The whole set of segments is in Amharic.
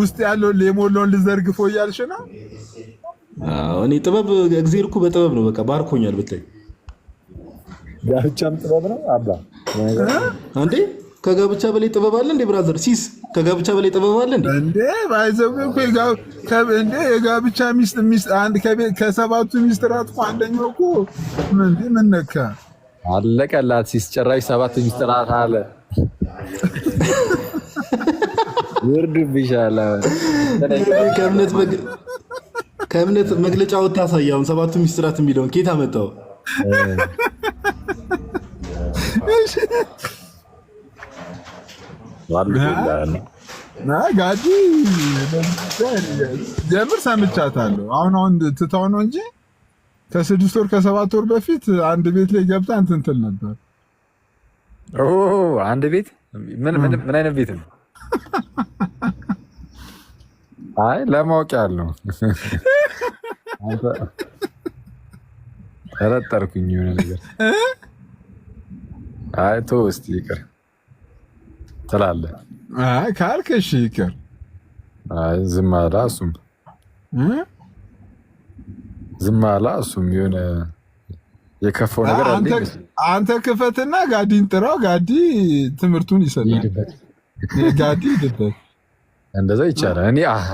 ውስጥ ያለው የሞላውን ልዘርግፎ እያልሽ ነው። እኔ ጥበብ እግዚአብሔር እኮ በጥበብ ነው በቃ ባርኮኛል ብታይ ጋብቻም ጥበብ ነው አባ እንዴ ከጋብቻ በላይ ጥበብ አለ እንዴ ብራዘር ሲስ ከጋብቻ በላይ ጥበብ አለ እንዴ እንዴ ባይዘብ እኮ እንዴ የጋብቻ ሚስት ሚስት አንድ ከሰባቱ ሚስት እኮ አንደኛው እኮ እንዴ ምን ነካ አለቀላት ሲስ ጭራሽ ሰባት ሚስት አለ ከእምነት መግለጫ ወጥ ሳያሁን ሰባቱ ሚስጥራት የሚለውን ኬት አመጣው? ጋዲ ጀምር ሰምቻታለሁ። አሁን አሁን ትተው ነው እንጂ ከስድስት ወር ከሰባት ወር በፊት አንድ ቤት ላይ ገብታ እንትን ትል ነበር። አንድ ቤት ምን አይነት ቤት ነው? አይ ለማወቅ ያለው ተረጠርኩኝ የሆነ ነገር አይ ቶ ውስጥ ይቅር ትላለህ ካልክ እሺ ይቅር። አይ ዝም አላ እሱም ዝም አላ እሱም የሆነ የከፈው ነገር አንተ ክፈትና ጋዲን ጥራው። ጋዲ ትምህርቱን ይሰጣል። ጋዲ ይድበት እንደዛ ይቻላል። እኔ አሀ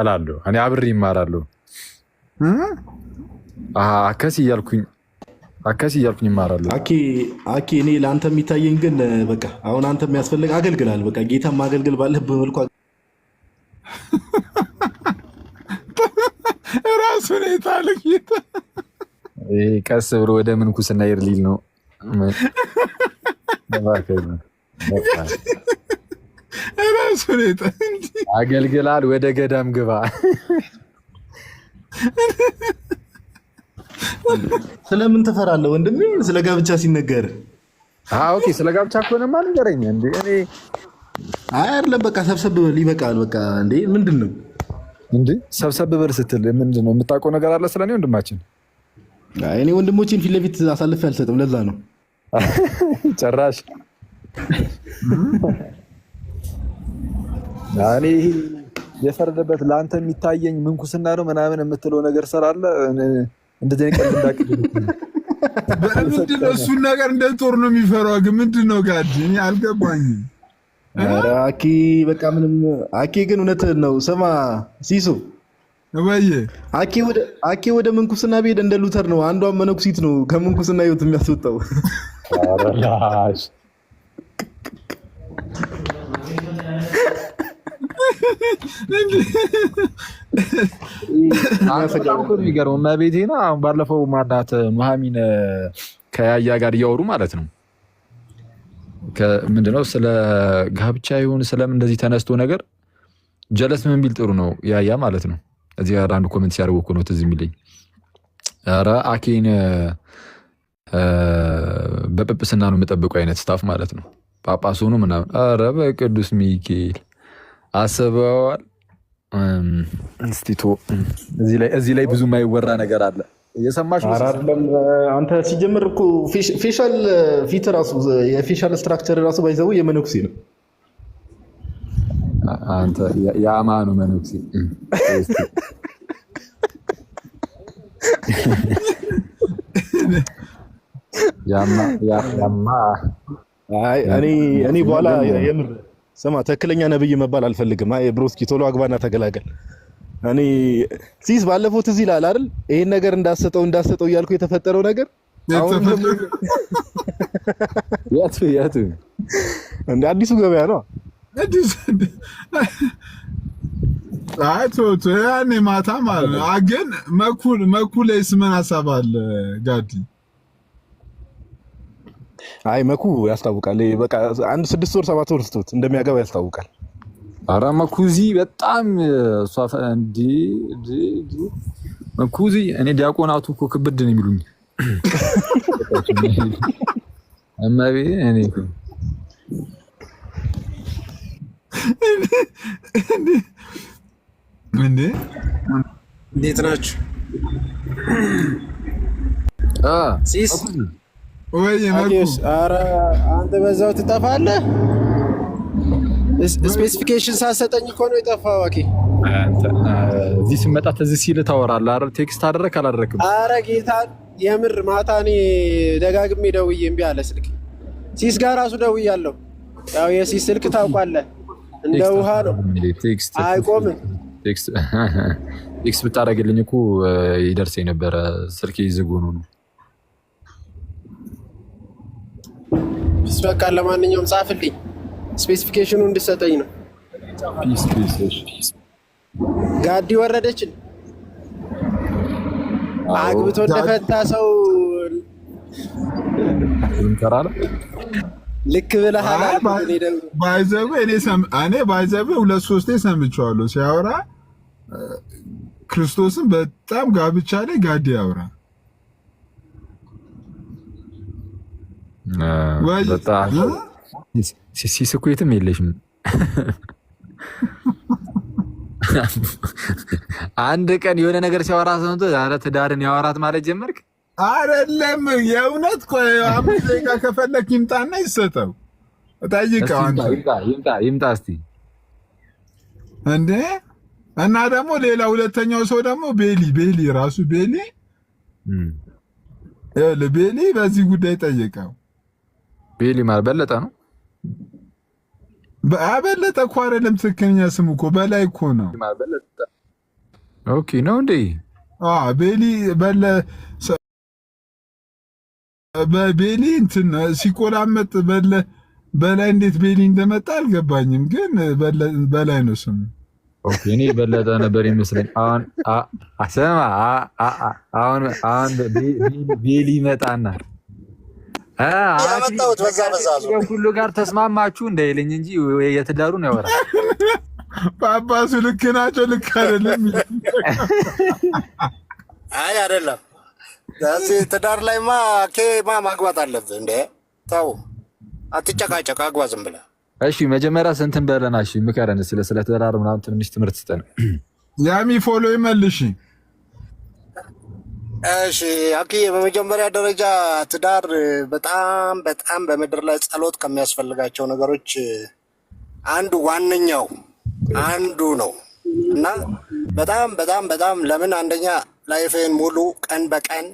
እላለሁ። እኔ አብሬ ይማራለሁ። አሀ እያልኩኝ አከሲ እያልኩኝ ይማራሉ። አኪ እኔ ለአንተ የሚታየኝ ግን በቃ አሁን አንተ የሚያስፈልግ አገልግላል። በቃ ጌታ ማገልግል ባለህ መልኩ ራሱ ሁኔታ ልጌታ ቀስ ብሎ ወደ ምንኩስና ይርሊል ነው ራሱ አገልግላል። ወደ ገዳም ግባ። ስለምን ትፈራለህ ወንድሜ? ስለ ጋብቻ ሲነገር ኦኬ፣ ስለ ጋብቻ ከሆነማ ንገረኝ። እንደ እኔ አይደለም በቃ ሰብሰብ ብል ይበቃል። በቃ እንዴ ምንድን ነው እንዴ ሰብሰብ ብል ስትል ምንድን ነው? የምታውቀው ነገር አለ ስለ እኔ ወንድማችን? እኔ ወንድሞችን ፊት ለፊት አሳልፌ አልሰጥም። ለዛ ነው ጨራሽ እኔ ይሄ የፈረደበት ለአንተ የሚታየኝ ምንኩስና ነው ምናምን የምትለው ነገር ስላለ እንደዚህ ቀል እንዳቅ በምንድነው እሱን ነገር እንደ ጦር ነው የሚፈራው? ግን ምንድን ነው ጋድ አልገባኝም። አኪ በቃ ምንም አኪ ግን እውነት ነው። ስማ ሲሱ ወይ አኪ ወደ ምንኩስና ብሄድ እንደ ሉተር ነው። አንዷን መነኩሲት ነው ከምንኩስና ህይወት የሚያስወጣው። የሚገርመው አሁን ባለፈው ማናት መሀሚን ከያያ ጋር እያወሩ ማለት ነው ምንድነው ስለ ጋብቻ ይሁን ስለምን እንደዚህ ተነስቶ ነገር ጀለስ ምን ቢል ጥሩ ነው ያያ ማለት ነው። እዚህ ጋር አንድ ኮመንት ሲያደርጉ እኮ ነው ትዝ የሚለኝ። ኧረ አኬን በጵጵስና ነው የምጠብቁ አይነት ስታፍ ማለት ነው። ጳጳስ ምናምን ኧረ በቅዱስ ሚካኤል አስበዋል። ኢንስቲቶ እዚህ ላይ ብዙ የማይወራ ነገር አለ። እየሰማሽ አንተ ሲጀምር እኮ ፌሻል ፊት ራሱ የፌሻል ስትራክቸር ራሱ ባይዘው የመነኩሴ ነው። አንተ የአማኑ መነኩሴ ያማ ያማ አይ እኔ እኔ በኋላ የምር ስማ ትክክለኛ ነብይ መባል አልፈልግም። አይ ብሩስኪ ቶሎ አግባና ተገላገል። እኔ ሲስ ባለፈው ትዝ ይልሃል አይደል? ይሄን ነገር እንዳሰጠው እንዳሰጠው እያልኩ የተፈጠረው ነገር ያቱ ያቱ እንደ አዲሱ ገበያ ነው። አዲሱ አይ ቶ ቶ ያኔ ማታ ማለት ነው። አገን መኩል መኩል የስምን ሀሳብ አለ ጋዲ አይ መኩ ያስታውቃል። በቃ አንድ ስድስት ወር ሰባት ወር ስትት እንደሚያገባ ያስታውቃል። ኧረ መኩዚ በጣም መኩዚ። እኔ ዲያቆናቱ እኮ ክብድ ነው የሚሉኝ እማቤ እኔ እንዴ እንዴት ናችሁ? ወይ ኧረ አንተ በዛው ትጠፋለህ። ስፔሲፊኬሽን ሳሰጠኝ እኮ ነው የጠፋኸው። አኬ እዚህ ስመጣ ተዚህ ሲልህ ታወራለህ። ኧረ ቴክስት አደረክ አላደረክም? ኧረ ጌታ የምር ማታ እኔ ደጋግሜ ደውዬ እምቢ አለ ስልክ። ሲስ ጋር እራሱ ደውያለሁ። ያው የሲስ ስልክ ታውቋለህ፣ እንደ ውሃ ነው አይቆምም። ቴክስት ብታደርግልኝ እኮ ይደርሰኝ ነበረ። ስልክ ይዝጉ ነው በቃ ለማንኛውም ጻፍልኝ፣ ስፔሲፊኬሽኑ እንድሰጠኝ ነው። ጋዲ ወረደችን አግብቶ እንደፈታ ሰው ልክ ብለሃል። ባይዘብ ሁለት ሶስቴ ሰምቼዋለሁ ሲያወራ ክርስቶስን በጣም ጋብቻ ላይ ጋዲ ያወራል። በጣም ሲስኩትም የለሽም። አንድ ቀን የሆነ ነገር ሲያወራ ሰምቶ ኧረ ትዳርን ያወራት ማለት ጀመርክ። አይደለም የእውነት አምስት ከፈለክ ይምጣና ይሰጠው፣ ጠይቀው። ይምጣ እስኪ እንዴ! እና ደግሞ ሌላ ሁለተኛው ሰው ደግሞ ቤሊ ቤሊ ራሱ ቤሊ ቤሊ በዚህ ጉዳይ ጠየቀው። ቤሊ ማለት በለጠ ነው። በአበለጠ እኮ አይደለም ትክክለኛ ስም እኮ በላይ እኮ ነው። ኦኬ ነው እንዴ? ቤሊ በለ በቤሊ እንትን ሲቆላመጥ በለ በላይ እንዴት ቤሊ እንደመጣ አልገባኝም፣ ግን በላይ ነው ስሙ። ኦኬ እኔ በለጠ ነበር ይመስለኝ። አሁን አሰማ አሁን ቤሊ ይመጣናል። ያመጣሁት ሁሉ ጋር ተስማማችሁ እንደይልኝ እንጂ ነው ያወራል። ጳጳሱ ልክ ናቸው፣ ልክ አይደለም። አይ አይደለም፣ ትዳር ኬ ማ ማግባት አለብህ እንዴ! ተው አትጨቃጨቅ፣ አግባ ዝም ብለህ። እሺ መጀመሪያ ስንትን በለና፣ እሺ ምከረን፣ ስለ ስለ ትዳር ምናምን ትንሽ ትምህርት ስጠን። ያሚ ፎሎ ይመልሽ እሺ አኪዬ፣ በመጀመሪያ ደረጃ ትዳር በጣም በጣም በምድር ላይ ጸሎት ከሚያስፈልጋቸው ነገሮች አንዱ ዋነኛው አንዱ ነው እና በጣም በጣም በጣም ለምን አንደኛ ላይፌን ሙሉ ቀን በቀን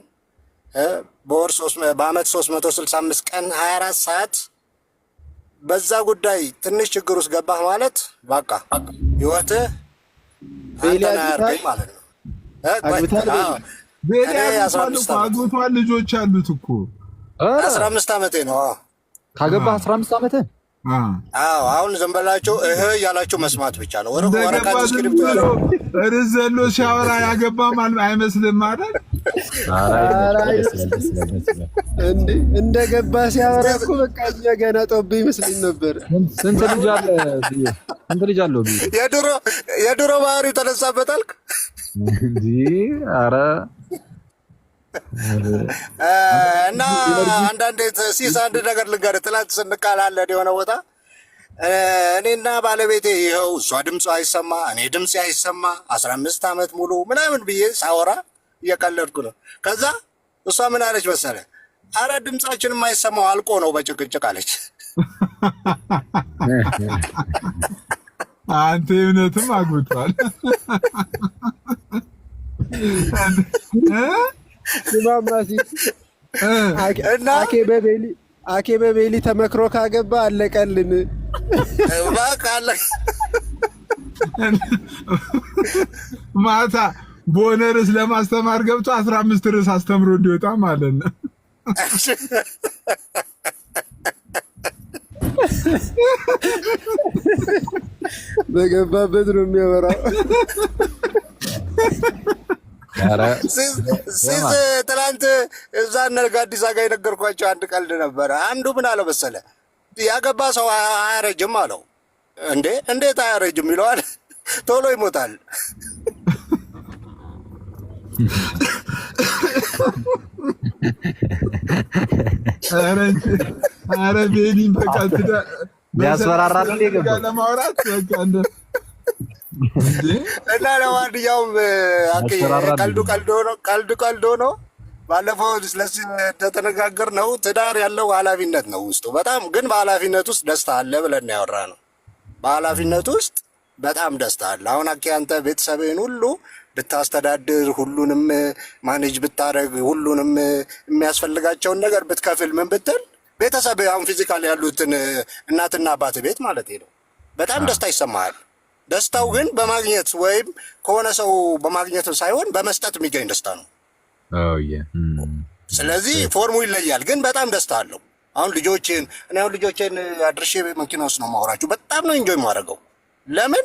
በወር በአመት 365 ቀን 24 ሰዓት በዛ ጉዳይ ትንሽ ችግር ውስጥ ገባህ ማለት በቃ ህይወትህ አንተን ማለት ነው። አግብቷል፣ ልጆች አሉት እኮ አስራ አምስት ዓመቴ ነው። ካገባህ አስራ አምስት ዓመትህ አዎ አሁን ዝም በላቸው። እህ ያላቸው መስማት ብቻ ነው። ርዕስ ዘሎ ሲያወራ ያገባም አይመስልም አይደል? እንደገባ ሲያወራ እኮ በቃ ገና ጦብ ይመስልኝ ነበር። ስንት ልጅ አለ? ስንት ልጅ አለው? የድሮ ባህሪው ተነሳበት አልክ? ኧረ እና አንዳንድ ሲስ አንድ ነገር ልንገርህ። ትናንት ስንቃላለን የሆነ ቦታ እኔና ባለቤቴ ይኸው እሷ ድምፅ አይሰማ እኔ ድምፅ አይሰማ አስራ አምስት ዓመት ሙሉ ምናምን ብዬ ሳወራ እየቀለድኩ ነው። ከዛ እሷ ምን አለች መሰለ፣ አረ ድምፃችን የማይሰማው አልቆ ነው በጭቅጭቅ አለች። አንተ እምነትም አግብቷል አኬ በቤሊ ተመክሮ ካገባ አለቀልን። ማታ በሆነ ርዕስ ለማስተማር ገብቶ አስራ አምስት ርዕስ አስተምሮ እንዲወጣ ማለት ነው። በገባበት ነው የሚያወራው። ሲስ ትላንት እዛ አዲስ አጋ የነገርኳቸው አንድ ቀልድ ነበረ። አንዱ ምን አለው መሰለ፣ ያገባ ሰው አያረጅም አለው። እንዴ እንዴት አያረጅም ይለዋል፣ ቶሎ ይሞታል። አረ ቤሊን በቃ ለማውራት እና ለማንኛውም ቀልዱ ቀልዱ ቀልዶ ነው። ባለፈው ስለዚህ እንደተነጋገር ነው ትዳር ያለው ኃላፊነት ነው ውስጡ በጣም ግን በኃላፊነት ውስጥ ደስታ አለ ብለን ያወራ ነው። በኃላፊነት ውስጥ በጣም ደስታ አለ። አሁን አኪ አንተ ቤተሰብህን ሁሉ ብታስተዳድር፣ ሁሉንም ማኔጅ ብታደረግ፣ ሁሉንም የሚያስፈልጋቸውን ነገር ብትከፍል፣ ምን ብትል ቤተሰብ አሁን ፊዚካል ያሉትን እናትና አባት ቤት ማለት ነው በጣም ደስታ ይሰማሃል። ደስታው ግን በማግኘት ወይም ከሆነ ሰው በማግኘት ሳይሆን በመስጠት የሚገኝ ደስታ ነው። ስለዚህ ፎርሙ ይለያል፣ ግን በጣም ደስታ አለው። አሁን ልጆችን እኔ አሁን ልጆችን አድርሼ መኪና ውስጥ ነው ማወራችሁ። በጣም ነው እንጆይ ማድረገው። ለምን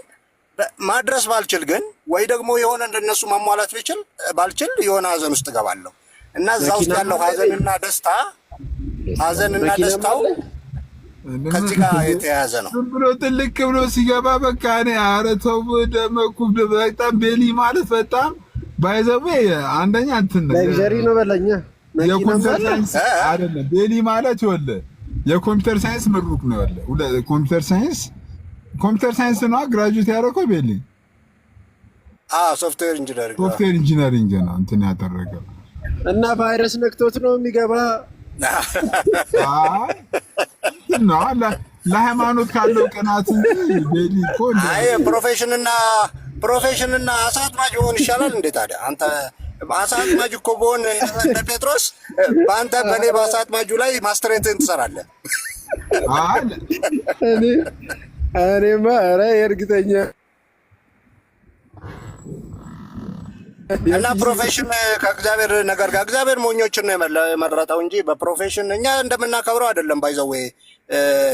ማድረስ ባልችል ግን ወይ ደግሞ የሆነ እንደነሱ ማሟላት ብችል ባልችል የሆነ ሀዘን ውስጥ እገባለሁ እና እዛ ውስጥ ያለው ሀዘንና ደስታ ሀዘንና ደስታው ከዚህ ጋር የተያያዘ ነው። ዝም ብሎ ጥልቅ ብሎ ሲገባ በቃ እኔ ኧረ ተው ደመኩ። በጣም ቤሊ ማለት በጣም ባይዘዌ አንደኛ እንትን ለግዠሪ ነው በለኛ የኮምፒውተር ሳይንስ አይደለም። ቤሊ ማለት ይኸውልህ የኮምፒውተር ሳይንስ ምሩቅ ነው ይኸውልህ ኮምፒውተር ሳይንስ ኮምፒውተር ሳይንስ ነው ግራጁዌት ያደረገው ቤሊ። ሶፍትዌር ኢንጂነሪንግ ሶፍትዌር ኢንጂነሪንግ ነው እንትን ያደረገው እና ቫይረስ ነክቶት ነው የሚገባ ለሃይማኖት ካለው ቅናት ፕሮፌሽንና ፕሮፌሽንና አሳ አጥማጅ ሆን ይሻላል እንዴ ታዲያ? አንተ አሳ አጥማጅ እኮ በሆን እንደ ጴጥሮስ በአንተ በእኔ በአሳ አጥማጁ ላይ ማስትሬትን ትሰራለህ። እኔማ ኧረ የእርግጠኛ እና ፕሮፌሽን ከእግዚአብሔር ነገር ጋር እግዚአብሔር ሞኞችን ነው የመረጠው እንጂ በፕሮፌሽን እኛ እንደምናከብረው አይደለም። ባይዘው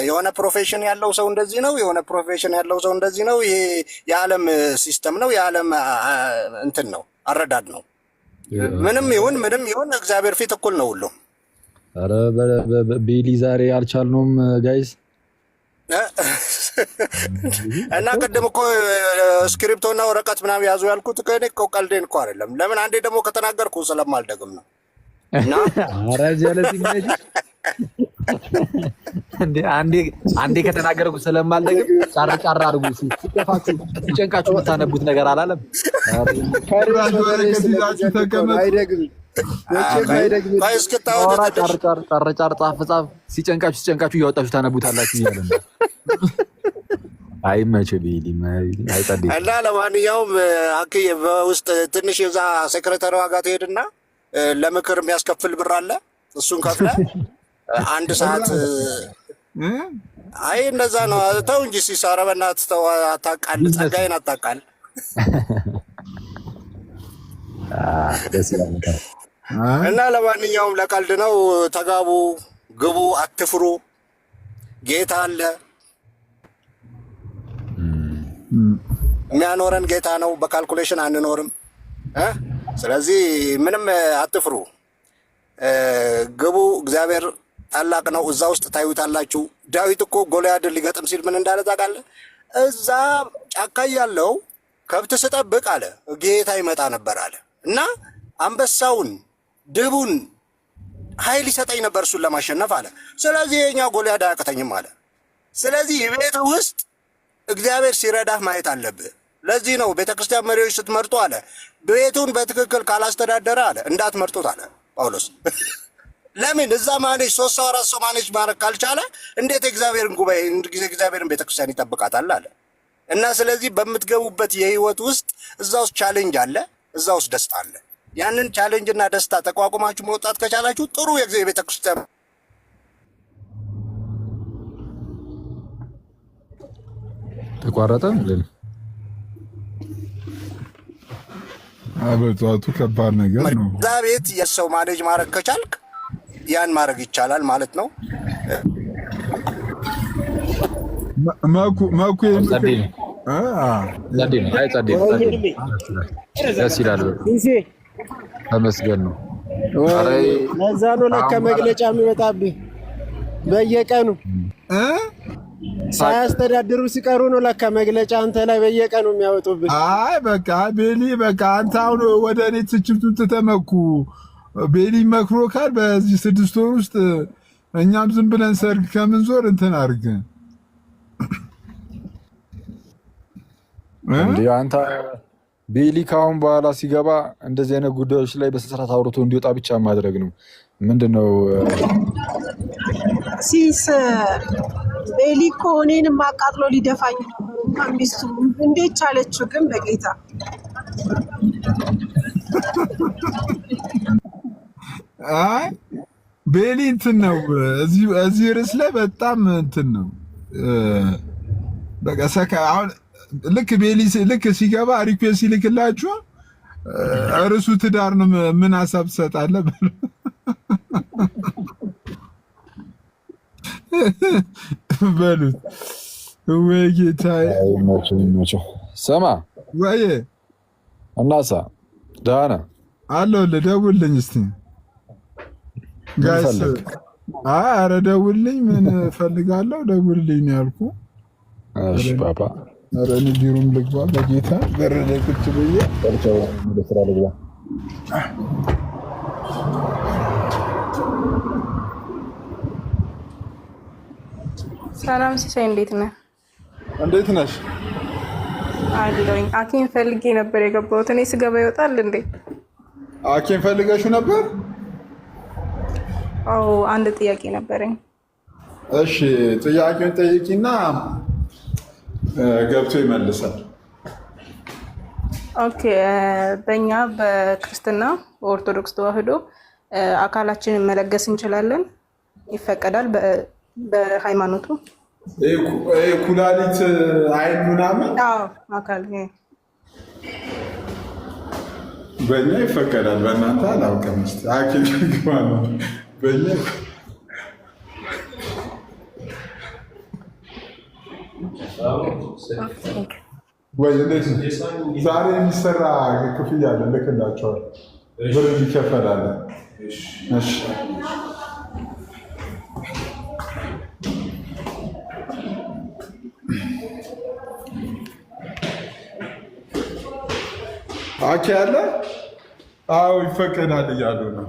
የሆነ ፕሮፌሽን ያለው ሰው እንደዚህ ነው፣ የሆነ ፕሮፌሽን ያለው ሰው እንደዚህ ነው። ይሄ የዓለም ሲስተም ነው፣ የዓለም እንትን ነው፣ አረዳድ ነው። ምንም ይሁን ምንም ይሁን እግዚአብሔር ፊት እኩል ነው ሁሉም። ኧረ ቤሊ ዛሬ አልቻልነውም ጋይስ እና ቅድም እኮ እና ወረቀት ምናምን ያዙ ያልኩት ከእኔ እኮ ቀልዴን እኮ አይደለም። ለምን አንዴ ደግሞ ከተናገርኩ ስለማልደግም ነው። አንዴ ከተናገርኩ ስለማልደግም ጫር ጫር አድርጉ። ሲጠፋችሁ ሲጨንቃችሁ የምታነቡት ነገር አላለም አይደግም ጨርጨር ጻፍ ጻፍ ሲጨንቃችሁ ሲጨንቃችሁ እያወጣችሁ ታነቡታላችሁ እያለ ነው። አይመች እና ለማንኛውም አክ በውስጥ ትንሽ የዛ ትሄድና ለምክር የሚያስከፍል ብር አለ። እሱን ከፍለ አንድ ሰዓት አይ እንደዛ ነው። ተው እንጂ ሲሳረ በእናትህ ተው፣ አታቃል፣ ጸጋዬን አታቃል። ደስ ይላል። እና ለማንኛውም ለቀልድ ነው። ተጋቡ፣ ግቡ፣ አትፍሩ። ጌታ አለ። የሚያኖረን ጌታ ነው። በካልኩሌሽን አንኖርም። ስለዚህ ምንም አትፍሩ፣ ግቡ። እግዚአብሔር ታላቅ ነው። እዛ ውስጥ ታዩታላችሁ። ዳዊት እኮ ጎልያድን ሊገጥም ሲል ምን እንዳለ ታውቃለህ? እዛ ጫካ ያለው ከብት ስጠብቅ አለ ጌታ ይመጣ ነበር አለ እና አንበሳውን ድቡን ኃይል ይሰጠኝ ነበር እሱን ለማሸነፍ አለ። ስለዚህ የኛ ጎልያድ አያቅተኝም አለ። ስለዚህ ቤት ውስጥ እግዚአብሔር ሲረዳህ ማየት አለብህ። ለዚህ ነው ቤተክርስቲያን መሪዎች ስትመርጡ አለ ቤቱን በትክክል ካላስተዳደረ አለ እንዳትመርጡት አለ ጳውሎስ። ለምን እዛ ማኔጅ ሶስት ሰው አራት ሰው ማኔጅ ማድረግ ካልቻለ እንዴት እግዚአብሔርን ጉባኤ ጊዜ እግዚአብሔርን ቤተክርስቲያን ይጠብቃታል አለ እና ስለዚህ በምትገቡበት የህይወት ውስጥ እዛ ውስጥ ቻሌንጅ አለ፣ እዛ ውስጥ ደስታ አለ። ያንን እና ደስታ ተቋቁማችሁ መውጣት ከቻላችሁ ጥሩ የጊዜ ክርስቲያን ተቋረጠ። አበጣቱ ከባድ ነገር ነው። እዛ ቤት የሰው ማኔጅ ማድረግ ከቻልክ ያን ማድረግ ይቻላል ማለት ነው። መኩ ደስ ይላል። ተመስገን ነው። ለዛ ነው ለካ መግለጫ በየቀኑ ሳያስተዳድሩ ሲቀሩ ነው ለካ መግለጫ አንተ ላይ በየቀኑ የሚያወጡብህ። አይ በቃ ቤሊ በቃ አንተ አሁን ወደ እኔ ትችብቱን ትተመኩ ቤሊ መክሮ ካል በዚህ ስድስት ወር ውስጥ እኛም ዝም ብለን ሰርግ ከምንዞር እንትን አድርግ አንተ ቤሊ ከአሁን በኋላ ሲገባ እንደዚህ አይነት ጉዳዮች ላይ በስነ አውርቶ እንዲወጣ ብቻ ማድረግ ነው። ምንድን ነው ሲስ ቤሊ እኮ እኔንም አቃጥሎ ሊደፋኝ ሚስቱ እንዴት ቻለችው? ግን በጌታ አይ ቤሊ እንትን ነው እዚህ ርዕስ ላይ በጣም እንትን ነው በቃ ሰካ አሁን ልክ ቤሊስ ልክ ሲገባ ሪኩዌስት ይልክላችሁ እርሱ ትዳር ነው። ምን ሀሳብ ትሰጣለህ? በሉት ወይ ጌታ ስማ ወይ እናሳ አለሁልህ፣ ደውልልኝ ጋይስ። አረ ደውልልኝ፣ ምን ፈልጋለሁ? ደውልልኝ ነው ያልኩህ። እሺ ኧረ እኔ ቢሮም ልግባ በጌታ በር ላይ ቁጭ ብዬ ወደ ስራ ልግባ። ሰላም ሲሳይ፣ እንዴት ነህ? እንዴት ነሽ? አለኝ አኪን ፈልጌ ነበር የገባሁት። እኔ ስገባ ይወጣል እንዴ? አኪን ፈልገሽው ነበር? አዎ፣ አንድ ጥያቄ ነበረኝ። እሺ፣ ጥያቄውን ጠይቂና ገብቶ ይመልሳል። ኦኬ በእኛ በክርስትና በኦርቶዶክስ ተዋህዶ አካላችንን መለገስ እንችላለን፣ ይፈቀዳል። በሃይማኖቱ ኩላሊት፣ አይን ምናምን አካል በእኛ ይፈቀዳል። በእናንተ አላውቅም። ስ በእኛ ወይ እንዴት ነው ዛሬ የሚሰራ ክፍያ አለ፣ ልክላቸዋል ብር ይከፈላል። እሺ አኬ አለ። አዎ ይፈቀዳል እያሉ ነው